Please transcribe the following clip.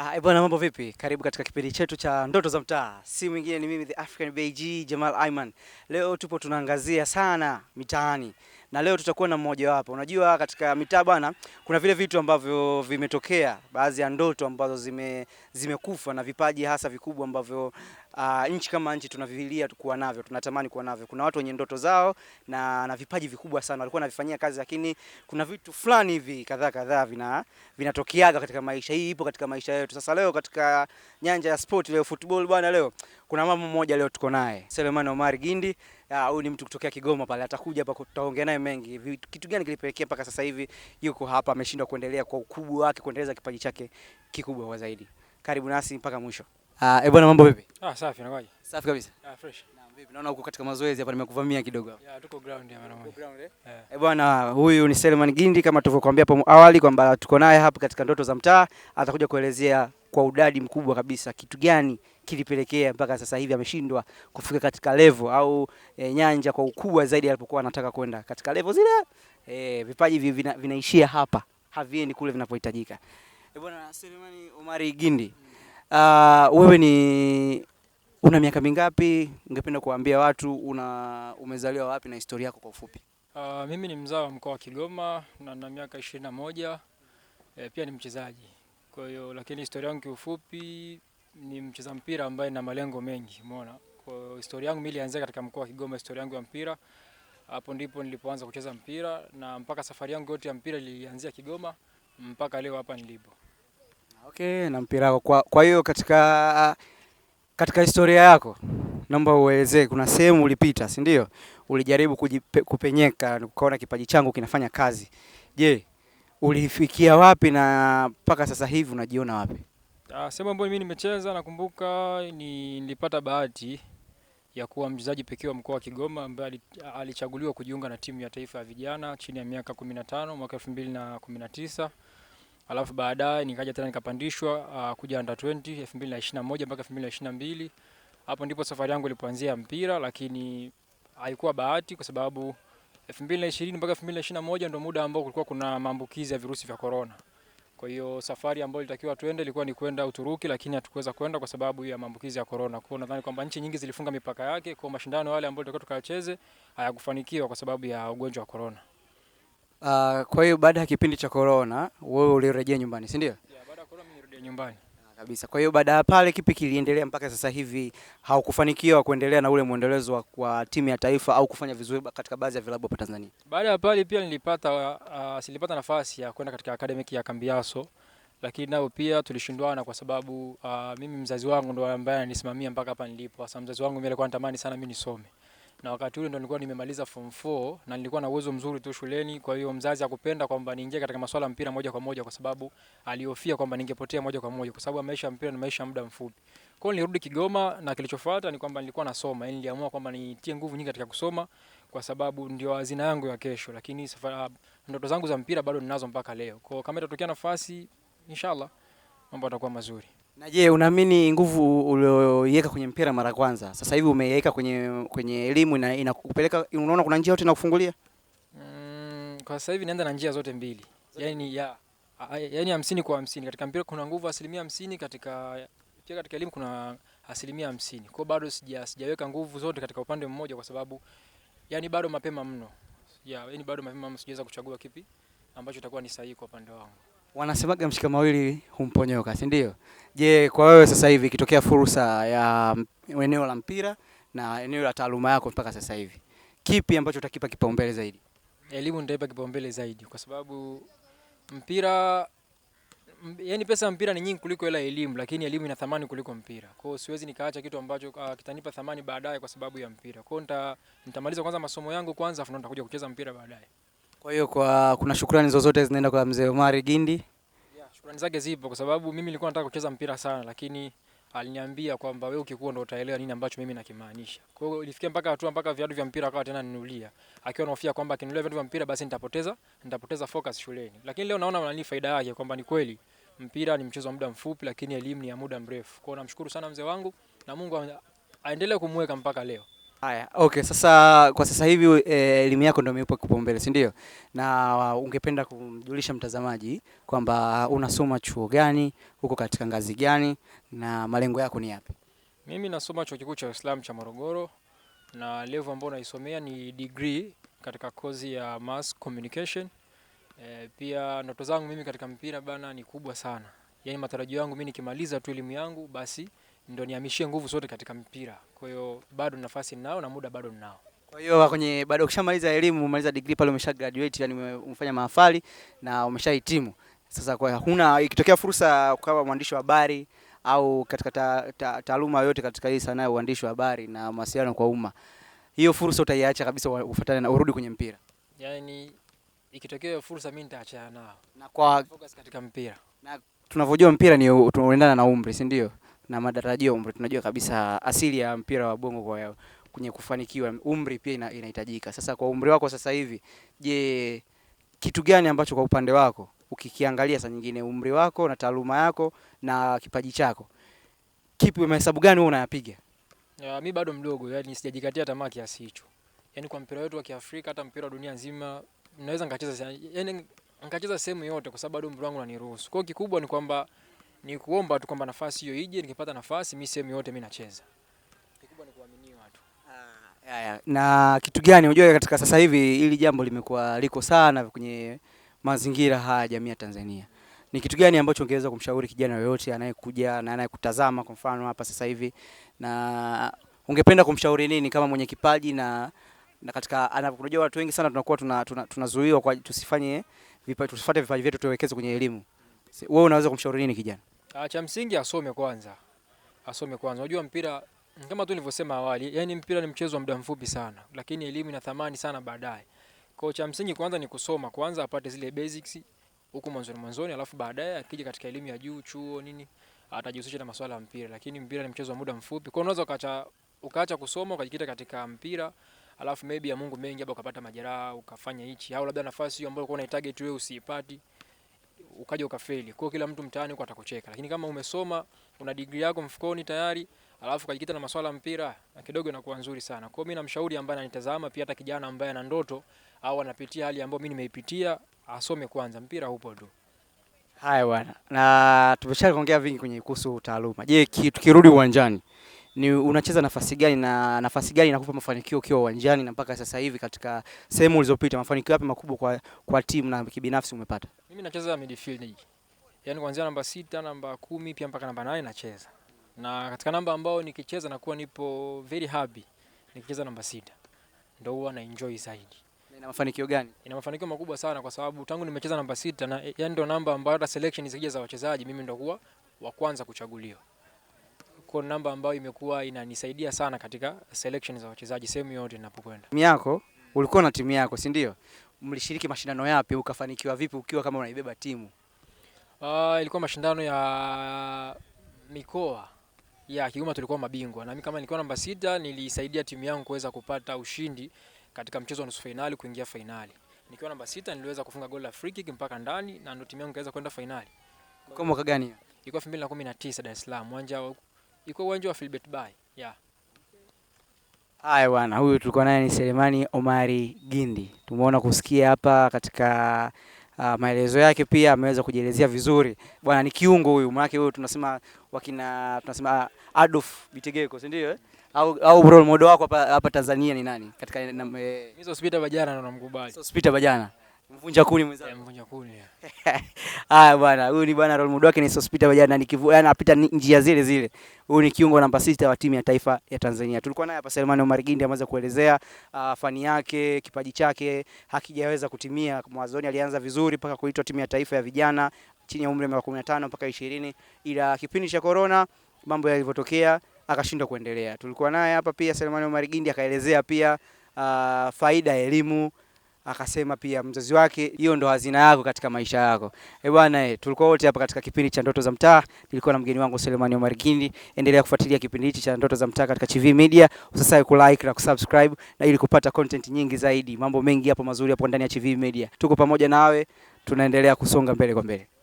Ah, eh, bwana mambo vipi? Karibu katika kipindi chetu cha Ndoto za Mtaa. Si mwingine ni mimi the African BG Jamal Aiman. Leo tupo tunaangazia sana mitaani. Na leo tutakuwa na mmoja wapo. Unajua katika mitaa bwana kuna vile vitu ambavyo vimetokea, baadhi ya ndoto ambazo zime zimekufa na vipaji hasa vikubwa ambavyo uh, nchi kama nchi tunavivilia kuwa navyo, tunatamani kuwa navyo. Kuna watu wenye ndoto zao na, na vipaji vikubwa sana walikuwa wanavifanyia kazi, lakini kuna vitu fulani hivi kadhaa kadhaa vina vinatokeaga katika maisha. Hii ipo katika maisha yetu. Sasa leo katika nyanja ya sport, leo football bwana, leo kuna mama mmoja leo tuko naye Selemani Omar Gindi. Ah, huyu ni mtu kutokea Kigoma pale, atakuja hapa tutaongea naye mengi, kitu gani kilipelekea mpaka sasa hivi yuko hapa, ameshindwa kuendelea kwa ukubwa wake, kuendeleza kipaji chake kikubwa zaidi. Karibu nasi mpaka mwisho. Uh, eh bwana mambo vipi? Ah, safi nakwaje? Safi kabisa. Ah, fresh. Naam, vipi? Naona uko katika mazoezi hapa nimekuvamia kidogo hapa. Yeah, tuko ground ya mara moja. Ground eh? Eh bwana, huyu ni Selman Gindi kama tulivyokuambia hapo awali kwamba tuko naye hapa katika Ndoto za Mtaa, atakuja kuelezea kwa udadi mkubwa kabisa kitu gani kilipelekea mpaka sasa hivi ameshindwa kufika katika level au e, nyanja kwa ukubwa zaidi alipokuwa anataka kwenda katika level zile. E, vipaji vinaishia vina, hapa, haviendi kule vinapohitajika. Eh bwana Selman Omari Gindi. Mm. Uh, wewe ni una miaka mingapi? Ungependa kuambia watu una umezaliwa wapi na historia yako kwa ufupi? Uh, mimi ni mzao wa mkoa wa Kigoma na na miaka ishirini na moja. E, pia ni mchezaji. Kwa hiyo lakini historia yangu kiufupi ni mcheza mpira ambaye na malengo mengi, umeona. Kwa hiyo historia yangu mimi ilianzia katika mkoa wa Kigoma, historia yangu ya mpira. Hapo ndipo nilipoanza kucheza mpira na mpaka safari yangu yote ya mpira ilianzia Kigoma mpaka leo hapa nilipo. Okay, na mpira wako kwa, kwa hiyo katika katika historia yako naomba uelezee, kuna sehemu ulipita, si ndio? Ulijaribu kujipe, kupenyeka, ukaona kipaji changu kinafanya kazi. Je, ulifikia wapi na mpaka sasa hivi unajiona wapi? Ah, sehemu ambayo mimi nimecheza nakumbuka ni, nilipata bahati ya kuwa mchezaji pekee wa mkoa wa Kigoma ambaye alichaguliwa kujiunga na timu ya taifa ya vijana chini ya miaka 15 mwaka 2019 alafu baadaye nikaja tena nikapandishwa uh, kuja under 20 2021 mpaka 2022. Hapo ndipo safari yangu ilipoanzia mpira, lakini haikuwa bahati kwa sababu 2020 mpaka 2021 ndio muda ambao kulikuwa kuna maambukizi ya virusi vya corona. Kwa hiyo safari ambayo ilitakiwa tuende ilikuwa ni kwenda Uturuki, lakini hatukuweza kwenda kwa sababu ya maambukizi ya corona. Kwa nadhani kwamba nchi nyingi zilifunga mipaka yake, kwa mashindano yale ambayo tulikuwa tukacheze hayakufanikiwa kwa sababu ya ugonjwa wa corona. Uh, kwa hiyo baada ya kipindi cha corona wewe ulirejea nyumbani, si ndio? Yeah, baada ya corona mimi nyumbani. Ah, kabisa. Kwa hiyo baada ya pale kipi kiliendelea mpaka sasa hivi haukufanikiwa kuendelea na ule mwendelezo wa timu ya taifa au kufanya vizuri katika baadhi ya vilabu hapa Tanzania? Baada ya pale pia nilipata uh, silipata nafasi ya kwenda katika academic ya Kambiaso lakini nao pia tulishindwana kwa sababu uh, mimi mzazi wangu ndo ambaye ananisimamia mpaka hapa nilipo. Sasa mzazi wangu mimi alikuwa anatamani sana mimi nisome na wakati ule ndo nilikuwa nimemaliza form 4 na nilikuwa na uwezo mzuri tu shuleni. Kwa hiyo mzazi akupenda kwamba niingie katika masuala ya mpira moja kwa moja, kwa sababu alihofia kwamba ningepotea moja kwa moja, kwa sababu maisha ya mpira ni maisha muda mfupi. Kwa hiyo nilirudi Kigoma na kilichofuata ni kwamba nilikuwa nasoma, yani niliamua kwamba nitie nguvu nyingi katika kusoma, kwa sababu ndio hazina yangu ya kesho, lakini safari, ah, ndoto zangu za mpira bado ninazo mpaka leo. Kwa hiyo kama itatokea nafasi, inshallah mambo yatakuwa mazuri. Na je, unaamini nguvu ulioiweka kwenye mpira mara kwanza sasa hivi umeiweka kwenye kwenye elimu na inakupeleka unaona kuna njia yote inakufungulia? Mm, kwa sasa hivi naenda na njia zote mbili. Yaani ya yaani hamsini kwa hamsini katika mpira kuna nguvu asilimia hamsini katika pia katika elimu kuna asilimia hamsini. Kwa bado sija sijaweka nguvu zote katika upande mmoja kwa sababu yani bado mapema mno. Ya, yani bado mapema mno sijaweza kuchagua kipi ambacho itakuwa ni sahihi kwa upande wangu. Wanasemaga mshika mawili humponyoka, si ndio? Je, kwa wewe sasa hivi ikitokea fursa ya eneo la mpira na eneo la taaluma yako mpaka sasa hivi, kipi ambacho utakipa kipaumbele zaidi? Elimu nitaipa kipaumbele zaidi, kwa sababu mpira yaani pesa ya mpira ni nyingi kuliko hela elimu, lakini elimu ina thamani kuliko mpira. Kwa hiyo siwezi nikaacha kitu ambacho uh, kitanipa thamani baadaye kwa sababu ya mpira. Kwa hiyo nitamaliza kwanza masomo yangu kwanza, afu ndo nitakuja kucheza mpira baadaye. Kwa hiyo kwa kuna shukrani zozote zinaenda kwa mzee Omari Gindi? Yeah, shukrani zake zipo kwa sababu mimi nilikuwa nataka kucheza mpira sana, lakini aliniambia kwamba wewe ukikua ndo utaelewa nini ambacho mimi nakimaanisha. Kwa hiyo ilifikia mpaka hatua mpaka viatu vya mpira akawa tena ninulia, akiwa anahofia kwamba akinulia viatu vya mpira basi nitapoteza nitapoteza focus shuleni. Lakini leo naona nani faida yake kwamba ni kweli mpira ni mchezo wa muda mfupi, lakini elimu ni ya muda mrefu. Kwa hiyo namshukuru sana mzee wangu na Mungu aendelee kumweka mpaka leo. Haya, okay. Sasa kwa sasa hivi eh, elimu yako ndio imeipa kipaumbele, si ndio? Na uh, ungependa kumjulisha mtazamaji kwamba uh, unasoma chuo gani, uko katika ngazi gani na malengo yako ni yapi? Mimi nasoma chuo kikuu cha Uislamu cha Morogoro na level ambayo naisomea ni degree katika kozi ya mass communication. E, pia ndoto zangu mimi katika mpira bana ni kubwa sana, yaani matarajio yangu mimi nikimaliza tu elimu yangu basi ndo niamishie nguvu zote katika mpira. Kwa hiyo bado nafasi ninao na muda bado ninao. Kwa hiyo uh, kwenye bado ukishamaliza elimu, umemaliza degree pale, umesha graduate, yani umefanya mahafali na umeshahitimu sasa. Kwa huna ikitokea fursa kwa mwandishi wa habari au katika taaluma ta, ta, yote katika hii sanaa ya uandishi wa habari na mawasiliano kwa umma, hiyo fursa utaiacha kabisa, ufuatane na urudi kwenye mpira? Yani ikitokea hiyo fursa mimi nitaachana nao na kwa focus katika mpira, na tunavyojua mpira ni tunaendana na umri, si ndio? na matarajio umri. Tunajua kabisa asili ya mpira wa bongo kwa kwenye kufanikiwa umri pia ina, inahitajika. Sasa kwa umri wako sasa hivi, je, kitu gani ambacho kwa upande wako ukikiangalia saa nyingine umri wako na taaluma yako na kipaji chako, kipi mahesabu gani wewe unayapiga? Ya, mi bado mdogo, yani sijajikatia tamaa kiasi hicho. Yani kwa mpira wetu wa Kiafrika hata mpira wa dunia nzima naweza nikacheza, yani nikacheza sehemu yote, kwa sababu bado umri wangu Kwa hiyo kikubwa ni kwamba ni kuomba tu kwamba nafasi hiyo ije, nikipata nafasi mimi sehemu yote mimi nacheza. Kikubwa ni kuamini watu. Ah, haya. Na kitu gani unajua, katika sasa hivi hili jambo limekuwa liko sana kwenye mazingira haya ya jamii ya Tanzania. Ni kitu gani ambacho ungeweza kumshauri kijana yoyote anayekuja na anayekutazama kwa mfano hapa sasa hivi, na ungependa kumshauri nini kama mwenye kipaji na na katika unajua watu wengi sana tunakuwa tunazuiwa tuna, tuna kwa tusifanye vipaji tusifuate vipaji vyetu tuwekeze kwenye elimu wewe unaweza kumshauri nini kijana? Ah, cha msingi asome kwanza, asome kwanza. Unajua mpira kama tu nilivyosema awali, yani mpira ni mchezo wa muda mfupi sana, lakini elimu ina thamani sana baadaye. Kwa cha msingi kwanza ni kusoma kwanza, apate zile basics huko mwanzoni mwanzoni, alafu baadaye akija katika elimu ya juu, chuo nini, atajihusisha na masuala ya mpira, lakini mpira ni mchezo wa muda mfupi. Kwa unaweza ukaacha ukaacha kusoma ukajikita katika mpira, alafu maybe ya Mungu mengi, labda ukapata majeraha ukafanya hichi, au labda nafasi hiyo ambayo ulikuwa unaitagi tu wewe usiipati ukaja ukafeli. Kwa kila mtu mtaani huko atakucheka. Lakini kama umesoma, una degree yako mfukoni tayari, alafu kajikita na masuala ya mpira, na kidogo inakuwa nzuri sana. Kwa mimi namshauri ambaye ananitazama pia hata kijana ambaye ana ndoto au anapitia hali ambayo mimi nimeipitia, asome kwanza, mpira upo tu. Haya bwana. Na tumeshaongea vingi kwenye kuhusu taaluma. Je, tukirudi uwanjani ni unacheza nafasi gani na nafasi gani inakupa mafanikio ukiwa uwanjani na mpaka sasa hivi katika sehemu ulizopita, mafanikio yapi makubwa kwa, kwa timu na kibinafsi umepata? Mimi nacheza midfield. Yaani kuanzia namba sita, namba kumi pia mpaka namba nane nacheza. Na katika namba ambayo nikicheza nakuwa nipo very happy. Nikicheza namba sita ndio huwa na enjoy zaidi. Ina mafanikio gani? Ina mafanikio makubwa sana kwa sababu tangu nimecheza namba sita na eh, yaani ndio namba ambayo hata selection zikija za wachezaji mimi ndio huwa wa kwanza kuchaguliwa. Kwa namba ambayo imekuwa inanisaidia sana katika selection za wachezaji sehemu yote ninapokwenda. Timu yako ulikuwa na timu yako, si ndio? mlishiriki mashindano yapi, ukafanikiwa vipi ukiwa kama unaibeba timu? Uh, ilikuwa mashindano ya mikoa ya Kigoma, tulikuwa mabingwa na mimi kama nilikuwa namba sita, nilisaidia timu yangu kuweza kupata ushindi katika mchezo wa nusu fainali kuingia fainali. Nikiwa namba sita niliweza kufunga goli la free kick mpaka ndani na ndio timu yangu ikaweza kwenda fainali. Kwa mwaka gani? Ilikuwa 2019 Dar es Salaam, uwanja wa ilikuwa uwanja wa Philbert Bay. Yeah. Haya bwana, huyu tulikuwa naye ni Selemani Omari Gindi. Tumeona kusikia hapa katika uh, maelezo yake pia ameweza kujielezea vizuri. Bwana ni kiungo huyu, maana huyu tunasema wakina tunasema ah, Adolf Bitegeko, si ndio? Eh? Au au role model wako hapa hapa Tanzania ni nani? Katika na, eh, Sospita Bajana na namkubali. Sospita Bajana. Mvunja kuni mwenzangu. Eh, mvunja kuni. Eh. Haya bwana, huyu ni bwana role model wake ni Sospeter Bajana, anapita njia zile zile. Huyu ni kiungo namba sita wa timu ya taifa ya Tanzania. Tulikuwa naye hapa Selman Omar Gindi ameweza kuelezea uh, fani yake, kipaji chake hakijaweza kutimia. Mwanzoni alianza vizuri mpaka kuitwa timu ya taifa ya vijana chini ya umri wa miaka 15 mpaka 20, ila kipindi cha corona mambo yalivyotokea akashindwa kuendelea. Tulikuwa naye hapa pia Selman Omar Gindi akaelezea pia uh, faida ya elimu akasema pia mzazi wake, hiyo ndo hazina yako katika maisha yako. Eh bwana, eh, tulikuwa wote hapa katika kipindi cha Ndoto za Mtaa, nilikuwa na mgeni wangu Selemani Omar Gindi. Endelea kufuatilia kipindi hichi cha Ndoto za Mtaa katika Chivihi Media, usisahau ku like na kusubscribe, na ili kupata content nyingi zaidi, mambo mengi hapo mazuri hapo ndani ya Chivihi Media. Tuko pamoja nawe, tunaendelea kusonga mbele kwa mbele.